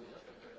για